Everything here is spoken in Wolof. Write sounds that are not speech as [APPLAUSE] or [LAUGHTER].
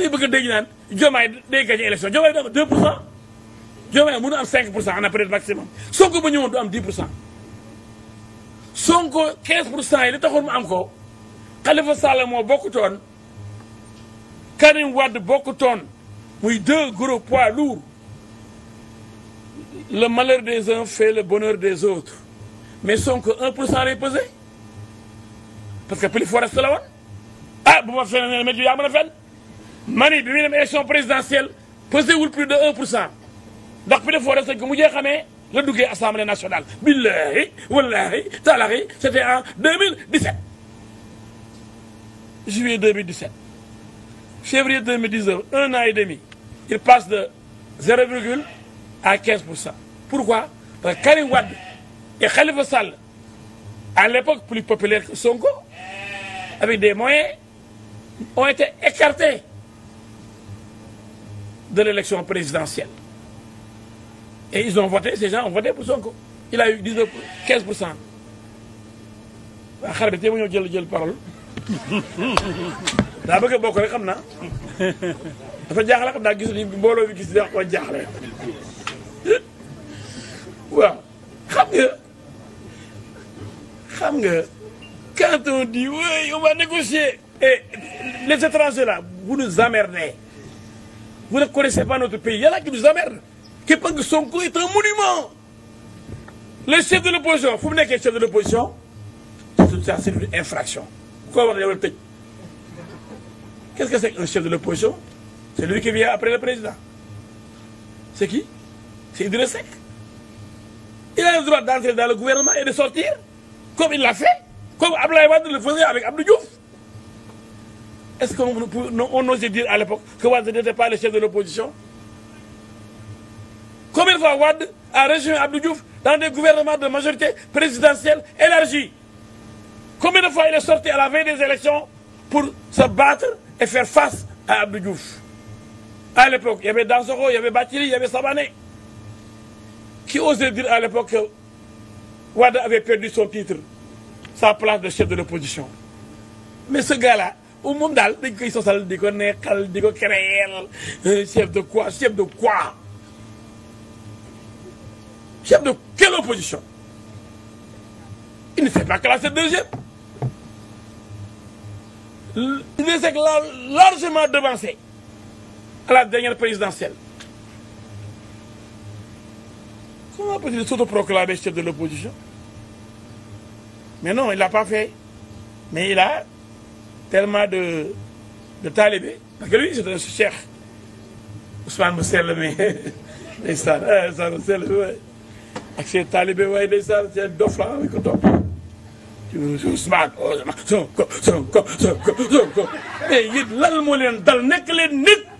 muy bëgg a dégg naan Diomaye day gagné élection Diomaye du am 2 pour cent Diomaye mënu am 5 pour cent ana peut maximum Sonko ba du am 10 pour cent Sonko 15 pour cent yi li taxoon mu am ko Khalifa Sall moo bokkutoon Karim Wade muy deux gros poids lourds le malheur des uns fait le bonheur des autres mais Sonko 1 pour cent lay parce que plus fort la woon ah bu ma feneen ne météo yaa mën a fenn. mani bi muy dem élection présidentielle pesé wul plus de 1 pour cent ndax bi def foo def sañ ko mu jee xamee la duggee assemblée nationale billahi wallahi taalahi c'était en 2017 juillet 2017 février 2019 un an et demi il passe de 0 virgule à 15 pour cent pourquoi parce que Karim Wade et Khalifa Sall à l'époque plus populaire que Sonko avec des moyens ont été écartés de l'élection présidentielle. Et ils ont voté, ces gens ont voté pour Sonko. Il a eu 19, 15 pour cent. waaw xar bi tey ma ñëw jël jël parole daa bëgg a bokk rek xam naa dafa jaaxle xam naa gis mbooloo bi gis da ko jaaxle waaw nga xam nga quand on va négocier les étrangers là vous nous emmerdez Vous ne connaissez pas notre pays. i y en a qui nous emmerdent. Qui pensent que Sonko est un monument. Le chef de l'opposition, vous venez que chef de l'opposition, c'est une Qu'est-ce que c'est qu'un chef de l'opposition C'est lui qui vient après le président. C'est qui C'est Idriss Seck. Il a le dans le gouvernement et de sortir, comme il l'a fait, comme Abdoulaye Wade le faisait avec Abdou Est-ce osait dire à l'époque que Wad n'était pas le chef de l'opposition Combien de fois Wad a rejoint Abdou dans des gouvernements de majorité présidentielle élargie Combien de fois il est sorti à la veille des élections pour se battre et faire face à Abdou À l'époque, il y avait Dansoro, il y avait Batili, il y avait Sabané. Qui osait dire à l'époque que Wad avait perdu son titre, sa place de chef de l'opposition Mais ce gars-là, moom daal dañ koy sosal di ko neexal di ko créer euh, chef de quoi chef de quoi chef de quelle opposition il ne fait pas classer deuxième il est largement devancé à la dernière présidentielle comment peut-il s'autoproclamer chef de l'opposition mais non il l'a pas fait mais il a tellement de de talibé parce que lui c'est un cheikh Ousmane mu sell mi [LAUGHS] ndeysaan ah, Ousmane mu sell mi waaye ak seen talibé waaye ndeysaan seen dof la ko topp Ousmane oh, Sonko leen dal nekk leen nit